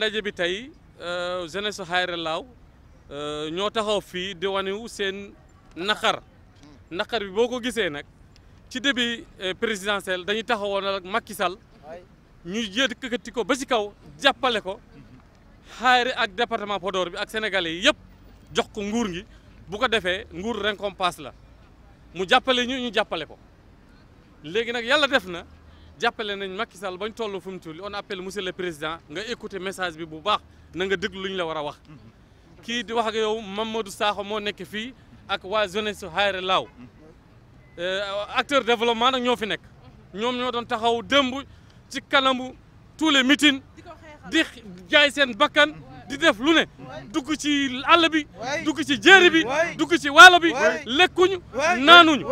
ndaje bi tey euh, jeunesse Xayra Laaw euh, ñoo taxaw fii di wanewu seen naqar naqar bi boo ko gisee nag ci début euh, présidentiel dañuy taxaw ak Macky Sall ñu yëkkati ko ba ci kaw jàppale ko Xayra ak département Podor bi ak sénégalais yi yëpp jox ko nguur gi bu ko defee nguur récompense la mu jàppale ñu ñu jàppale ko léegi nag yàlla def na. jàppale nañ Macky Sall bañ toll fu mu tuuli on appelle monsieur le président nga écouter message bi bu baax na nga déglu lu ñu la war a wax. kii di wax ak yow du Sakho moo nekk fii ak waa jeunesse Hayra Law euh, acteur développement nag ñoo fi nekk. ñoom ñoo doon taxaw démb ci kanamu tous les meetings di jaay seen bakkan. di def lu ne dugg ci àll bi dugg ci jéeri bi dugg ci waalo bi lekkuñu naanuñu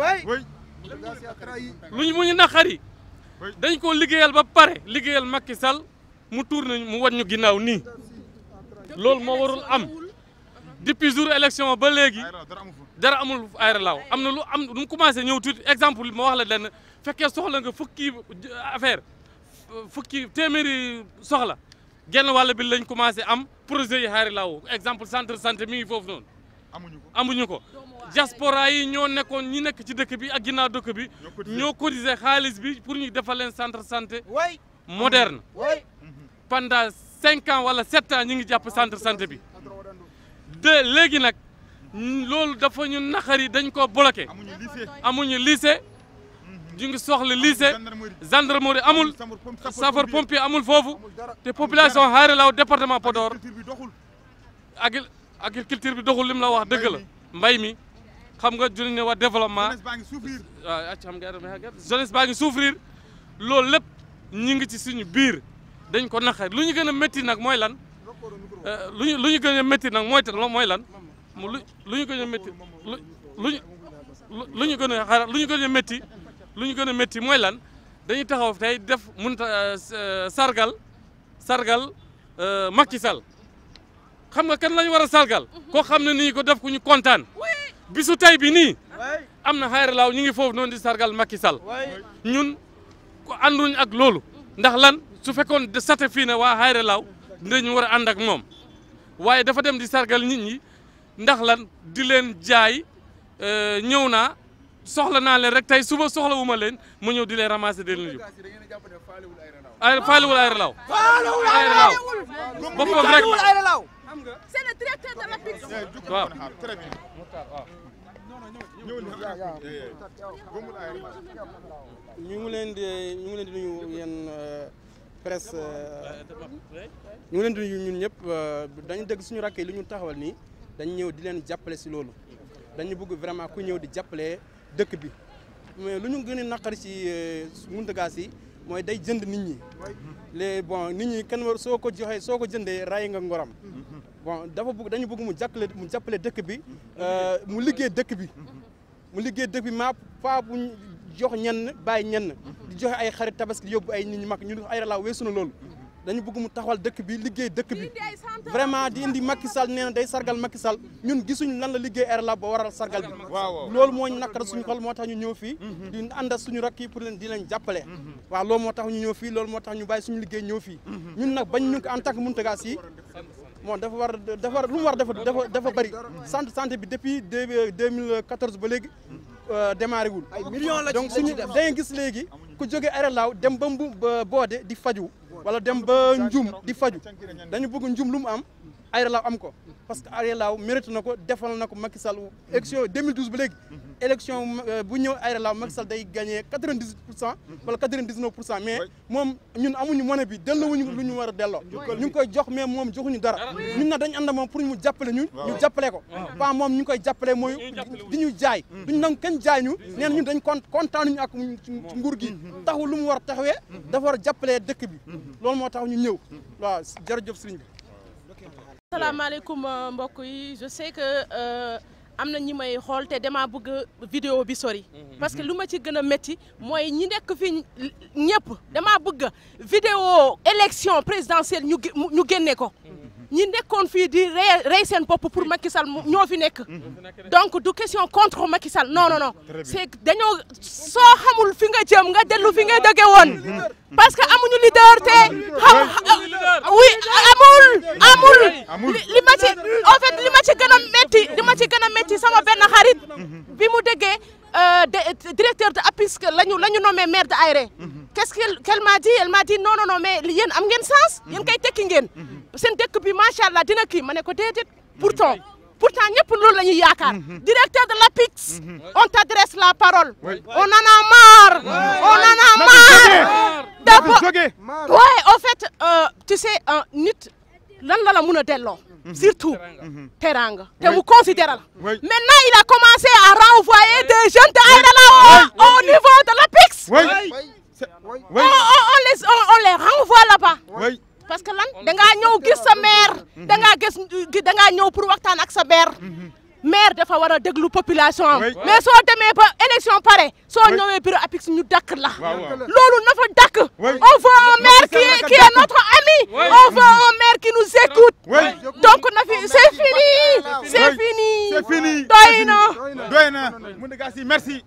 lu mu ñu naqari dañ ko liggéeyal ba pare liggéeyal Macky Sall mu tourné mu waññu ginnaaw nii loolu moo warul am depuis jour élection ba léegi dara amul ayra laaw am na lu am lu mu commencé ñëw tuuti exemple ma wax la lenn fekkee soxla nga fukki affaire fukki téeméeri soxla genn wàll bi lañ commencé am projet yi xaari laaw exemple centre santé mi ngi foofu noonu amuñu ko diaspora yi ñoo nekkoon ñi nekk ci dëkk bi ak ginnaaw dëkk bi ñoo cotiser xaalis bi pour ñu defal leen centre santé moderne pendant cinq ans wala sept ans ñu ngi jàpp santre santé bi de léegi nag loolu dafa ñu naxari dañ ko bloqué amuñu lycée ñu ngi soxla lycée gendarmerie amul sapeur pompier amul foofu te population Xaarelaw département Podor ak agriculture bi doxul lim la wax dëgg la mbay mi xam nga junni ne waa développement waaw ah, ah, xam nga jeunesse baa ngi souffrir loolu lépp ñu ngi ci suñu biir dañ ko nax lu ñu gën a métti nag mooy lan eh, lu ñu lu gën a métti nag mooy mooy lan lu lu ñu gën a métti lu luñu lu ñu gën a xara lu ñu gën métti lu ñu gën a métti mooy lan dañuy taxaw tey def mun eh, sargal sargal eh, Macky Sall xam nga kan lañu war a sargal koo xam ne nii ko def ku ñu kontaan bisu tay bi nii am na xayra laaw ñu ngi foofu noon di sargal Macky Sall ñun ko ànduñ ak loolu ndax lan su fekkoon de sate fii ne waa xayra laaw dinañu war a ànd ak moom waaye dafa dem di sargal nit ñi ndax lan di leen jaay euh, ñëw naa soxla naa leen rek tey suba soxla wu leen mu ñëw di leen ramasser di leen yóbbu ay faalewul ay relaaw faalewul ay relaaw boppam rek c'est le directeur de eh, ah, eh, eh, ñu ngi leen di ñu ngi leen di euh, euh, ñu ngi leen di ñun ñëpp euh, dañu dégg suñu rakk yi li ñu taxawal nii dañ ñëw di leen jàppale si loolu dañu bëgg vraiment ku ñëw di jàppale dëkk bi mais lu ñu gën a si ci euh, Mountaga Sy mooy day jënd nit ñi les bon nit ñi kenn war soo ko joxee soo ko jëndee raay nga ngoram bon dafa bugg dañu bëgg mu jàppale mu jàppale dëkk bi euh, mu liggéey dëkk bi mu liggéey dëkk bi maa pa bu jox ñenn baay ñenn di joxe ay xarit tabaski yóbbu ay nit ñi mag ñu ay ralaaw weesu na loolu dañu bëgg mu taxawal dëkk bi liggéey dëkk bi vraiment di indi Macky Sall day sargal Macky Sall ñun gisuñ lan la liggéey air la ba waral sargal bi loolu moo nakar suñu xol moo tax ñu ñëw fii mhm. di ànd suñu rakk yi pour leen di leen jàppale mhm. waaw loolu moo tax ñu ñëw fii loolu moo tax ñu baay suñu liggéey ñëw fii mhm. ñun nag bañ ñu ko en tant que Mountaga Sy bon dafa war dafa war lu mu war dafa dafa dafa bëri centre santé bi depuis deux euh, mille quatorze ba léegi euh, démarré wul donc suñu dangay gis léegi ku jógee air laaw dem ba mbu boode di faju wala dem ba njum di faju dañu bëgg njum lu mu am Aïda Ndao am ko parce que Aïda Ndao mérite na ko defal na ko Macky Sall élection 2012 ba léegi élection euh, bu ñëw Aïda Ndao Macky Sall day gagné 98 pour cent wala 99 pour cent mais moom ñun amuñu mën bi delloowuñu lu ñu war a delloo ñu ngi koy jox mais moom joxuñu dara ñun na dañu ànd moom pour mu jàppale ñu ñu jàppale ko pas moom ñu koy jàppale mooy di ñu jaay mm-hmm. ñu nangu kenn jaay ñu nee na ñun dañ kon kontaanuñu ak nguur gi mm-hmm. taxu lu mu war a taxawee mm-hmm. dafa war a jàppalee dëkk bi loolu moo tax ñu ñëw waaw jërëjëf sëriñ bi salaamaaleykum euh, mbokk yi je sais que euh, am na ñi may xool te damaa bëgg video bi sori. Mhm. parce que lu ma ci gën a métti mooy ñi nekk fi ñëpp damaa bëgg vidéo élection présidentielle ñu ñu génne ko. Mhm. ñi nekkoon fii di rey seen bopp pour Macky Sall ñoo fi nekk mm-hmm. donc du question contre Macky Sall non non non c'est dañoo soo xamul fi nga jëm nga dellu fi nga dëggee woon mm-hmm. parce que amuñu leader te xam oui amul amul li ma ci en li ma ci gën a li ma ci gën a métti sama benn xarit mm-hmm. bi mu déggee euh, directeur de APIX la ñu la ñu nommé maire de Aéré qu'est-ce qu'elle qu'elle m'a dit elle m'a dit non non non mais yéen am ngeen sens. Mhm. yéen kay tekki ngeen. Mhm. seen tekk bi macha dina kii ma ne ko déedéet. pourtant pourtant ñëpp la ñuy yaakaar. Mhm. directeur de l'APIX. on t'adresse la parole. on en a marre. on en a marre. d'abord ouais euh, tu sais euh, nit lan la la mun a surtout teranga te mu considéré la maintenant il a commencé à renvoyer des jeunes de Aïda Lawa au niveau de l'APIX. oui. on, on, on les on, parce que lan da ngaa ñëw maire. Mhm. da ngaa gis da ngaa ñëw pour waxtaan ak sa maire. Mhm. maire dafa war a déglu population am. mais soo demee ba élection pare. soo ñëwee bureau APIX ñu dàkk la. loolu na fa dàkk. on veut maire qui est notre ami. on veut un maire qui nous écoute. donc na fi fini. c' fini doy na. doy na merci.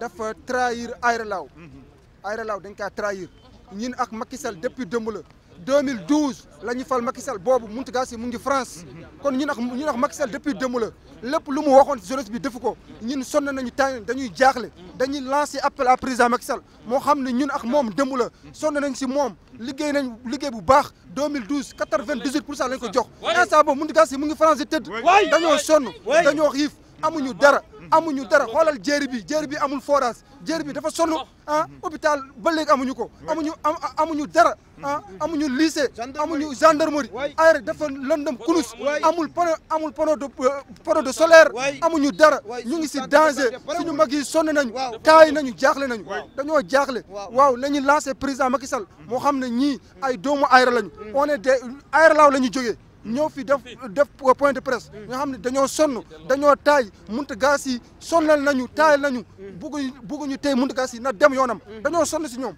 dafa trahir Aéré Lao. Mhm. Aïda Ndao dañ kaa trahir ñun ak Macky Sall depuis démb la 2012 la ñu fal Macky Sall boobu Mountaga mu ngi France kon ñun ak ñun ak Macky Sall depuis démb la lépp lu mu waxoon jeunesse bi defu ko ñun sonn nañu tànn dañuy jaaxle dañuy lancer appel à président Macky Sall moo xam ne ñun ak moom démb la sonn nañ si moom liggéey nañ liggéey bu baax 2012 98 pour cent lañ ko jox instant boobu Mountaga mu ngi France di tëdd dañoo sonn dañoo xiif amuñu dara amuñu dara xoolal jéeri bi jéeri bi amul forage jéeri bi dafa sono ah hôpital ba léegi amuñu ko amuñu amuñu dara ah amuñu lycée amuñu gendarmerie aére dafa lëndëm kunus amul panneau amul panneau de euh, panneau de solaire amuñu dara ñu ngi si danger suñu mag yi sonn nañu taay nañu jaaxle nañu dañoo jaaxle waaw nañu lancé président Macky Sall moo xam ne ñii ay doomu aére lañu mm. on est des aére laaw la ñu jógee ñoo fi def def point de presse nga xam ne dañoo sonn dañoo taay Mountagas yi sonnal nañu taayal nañu ñu mm. bugguñu mun Mountagas yi na dem yoonam mm. dañoo sonn si ñoom